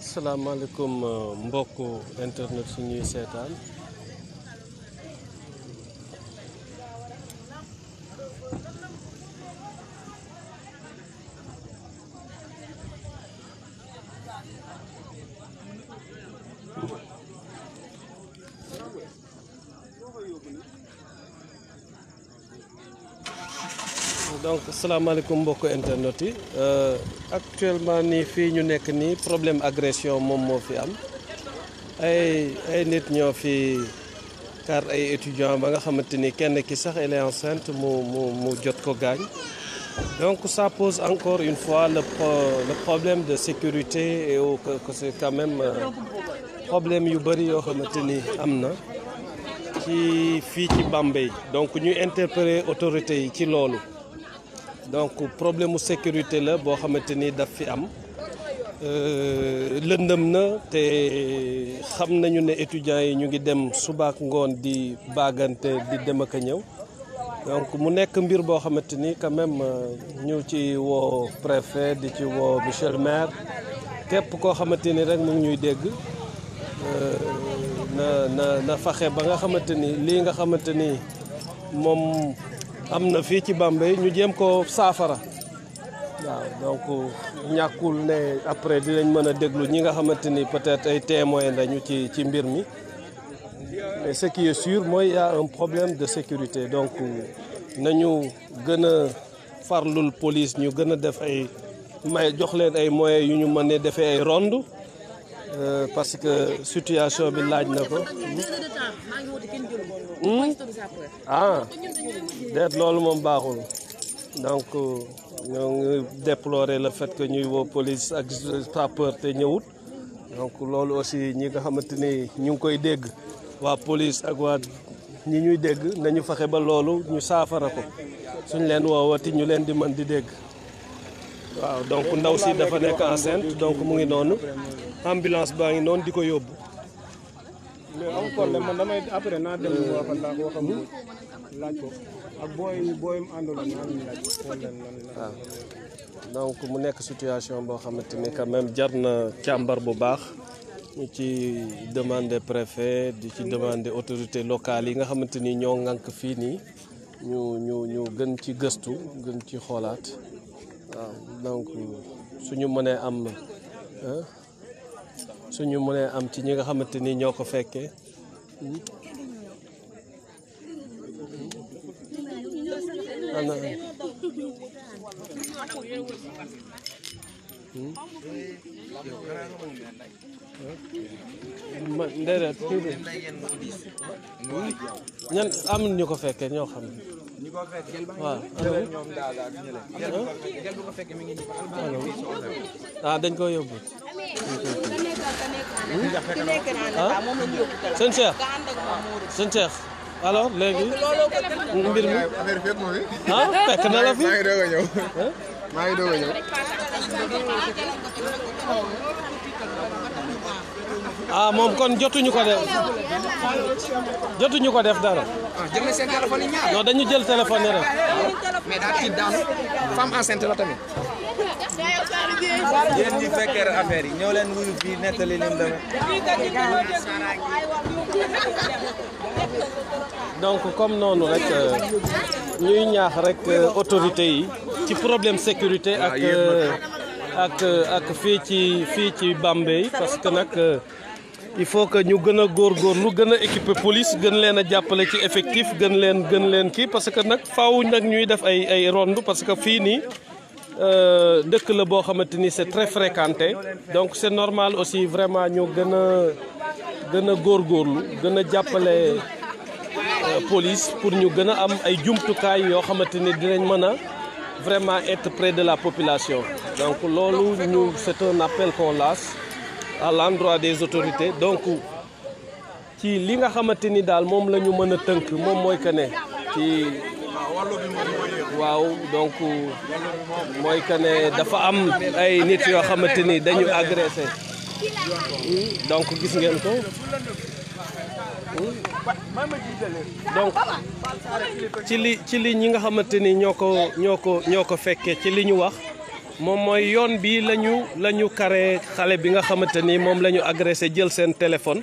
salaamaaleykum eh, mbokku internet suñuy seetaan donc salaamaaleykum mbokk internet yi euh, actuellement ni fi ñu nekk ni problème agression mom mo fi am ay ay nit ñoo fi car ay étudiants ba nga xamanteni kenn ki sax elle est enceinte mu mu mu jot ko gaañ donc ça pose encore une fois le le problème de sécurité et au que c'est quand même euh, problème yu bari yo xamanteni amna ci fi ci Bambey donc ñu interpeller autorité yi ci loolu donc problème mu sécurité là bo xamanteni ni daf fi am euh lëndëm na té xam nañu né étudiants yi ñu ngi dem subaak ngone di baganté di dem ak a donc mu nekk mbir bo xamanteni quand même euh, ñu ci wo préfet di ci wo monsieur maire képp ko xamanteni rek mu ngi ñuy dégg euh, na na na faxe ba nga xamanteni li nga xamanteni mom nous fi ci Bambey ñu jëm ko donc après dinañ mëna déglu ñi nga peut-être ay témoins lañu ci ci mbir ce qui est sûr il y a un problème de sécurité donc nañu allons police ñu allons def ay may jox leen ay moyens yu ñu euh, parce que situation bi laaj na Mmh. ah déet loolu moom baaxul donc euh, ñoo ngi déplorer le fait que ñuy woo police ak sapeur te ñëwut donc loolu aussi ñi nga xamante ni ñu ngi koy dégg waa police ak waa ñi ñuy dégg nañu fexe ba loolu ñu saafara ko suñ leen woowati ñu leen di mën di dégg waaw donc ndaw si dafa nekk enceinte donc mu ngi noonu ambulance baa ngi noonu di ko yóbbu mais am damay après naa dem waxam laaj ko mu laaj waaw ah. donc mu nekk situation boo xamante ni quand même jar na càmbar bu baax ñu ci demander préfet di ci demander autorité locale yi nga xamante ni ñoo ŋànk fii nii ñu ñu gën ci gëstu gën ci xoolaat waaw ah, donc suñu mënee am. suñu mënee am ci ñi nga xamante ni ñoo ko fekkee déedéet ñu ko fekkee ñoo xam ne waaw ah dañ ko yóbbu seen Cheikh seen Cheikh alors léegi mbir mi ah fekk na fi maa ngi doog a ñëw maa ngi doog a ñëw ah moom kon jotuñu ko def jotuñu ko def dara. ah jël na seen téléphone yi ñaar. dañu jël téléphone yi rek. mais daa tiit la tamit. yéen ñi yi ñoo leen wuyu fii nettali lim demee. donc comme noonu rek euh, ñuy ñaax rek euh, autorité yi ci problème sécurité ak ah, euh, ak ak fii ci fii ci Bambey parce que nag il faut que ñu gën a góorgóorlu gën a équiper police gën leen a jàppale ci effectif gën leen gën leen kii parce que nag faaw nag ñuy def ay ay ronde parce que fii nii. euh, la boo xamante c'est très fréquenté donc c'est normal aussi vraiment ñu gëna a gën a góorgóorlu gën euh, police pour ñu gëna am ay jumtukaay yoo xamante dinañ mëna vraiment être près de la population donc lolu ñu c'est un appel qu'on lance à l'endroit des autorités donc ci li nga xamanteni dal mom lañu mëna ñu mom moy tënk ne ci waaw donc mooy que ne dafa am ay nit yoo xamante ni dañu agressé gis ngeen ko donc ci li ci li ñi nga xamante ni ñoo ko ñoo ko ñoo ko fekkee ci li ñu wax moom mooy yoon bi lañu lañu kare xale bi nga xamante ni moom lañu ñu agressé jël seen téléphone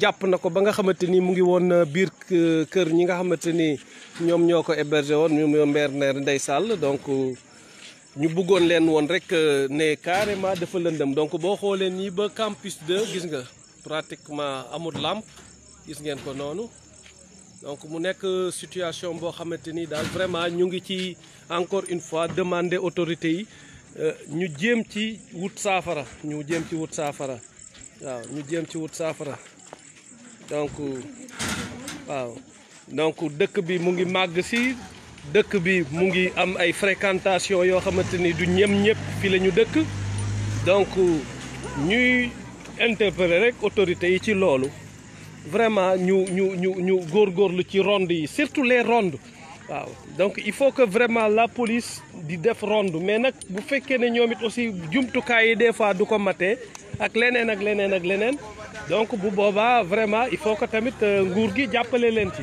jàpp na ko ba nga xamante ni mu ngi woon euh, biir euh, kër ñi nga xamante ni ñoom ñoo ko hébergé woon ñu ñoo mberneer Ndeye Sall donc euh, ñu bëggoon leen woon rek ne carrément dafa lëndam donc boo xoolee nii ba campus de gis nga pratiquement amut làmp gis ngeen ko noonu donc mu nekk situation boo xamante ni daal vraiment ñu ngi ci encore une fois demander autorité yi ñu jéem ci wut saafara ñu jéem ci wut saafara waaw ñu jéem ci wut saafara donc waaw donc dëkk bi mu ngi màgg si dëkk bi mu ngi am ay fréquentation yoo xamante ni du ñem ñëpp fi la ñu dëkk donc ñuy interpeller rek autorités yi ci loolu vraiment ñu ñu ñu ñu góorgóorlu ci ronde yi surtout les ronde waaw donc il faut que vraiment la police di def ronde mais nag bu fekkee ne ñoom it aussi jumtukaay yi des fois du ko mate ak leneen ak leneen ak leneen donc bu boba vraiment il faut que tamit euh, nguur gi jàppale len ci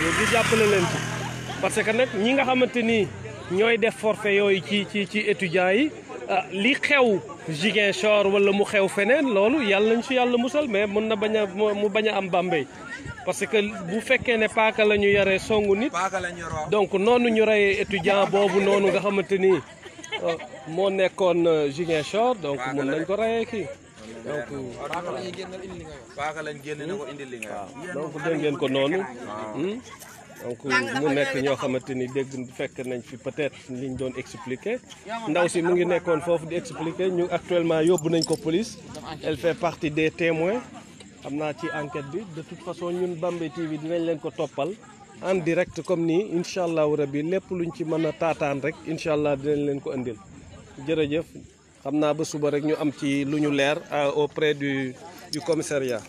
nguur gi ci parce que nag ñi nga xamanteni ni def forfait yooyu ci ci ci étudiants yi ah, li xew Ziguinchor wala mu xew fenen lolu yalla ñu ci yalla mussal mais mën na baña mu baña am Bambey parce que bu fekkee ne paaka lañu ñu songu nit donc nonu ñu rey étudiant bobu nonu nga xamanteni mo oh, moo nekkoon euh, Ziguinchor donc mën nañ ko reyee ki donc paaka lañ génn ko indi li nga donc dégg ngeen ko noonu hmm? donc mu nekk ñoo xamante ni dégg fekk nañ fi peut-être liñ doon expliquer ndaw si mu ngi nekkoon foofu di expliquer ñu actuellement yóbbu nañ ko police elle fait partie des témoins xam naa ci enquête bi de toute façon ñun Bambey TV dinañ leen ko toppal en direct comme nii incha allahu rabi lépp luñ ci mën a taataan rek incha allah dinañ leen ko indil jërëjëf xam ba suba rek ñu am ci luñu leer euh, auprès du du commissariat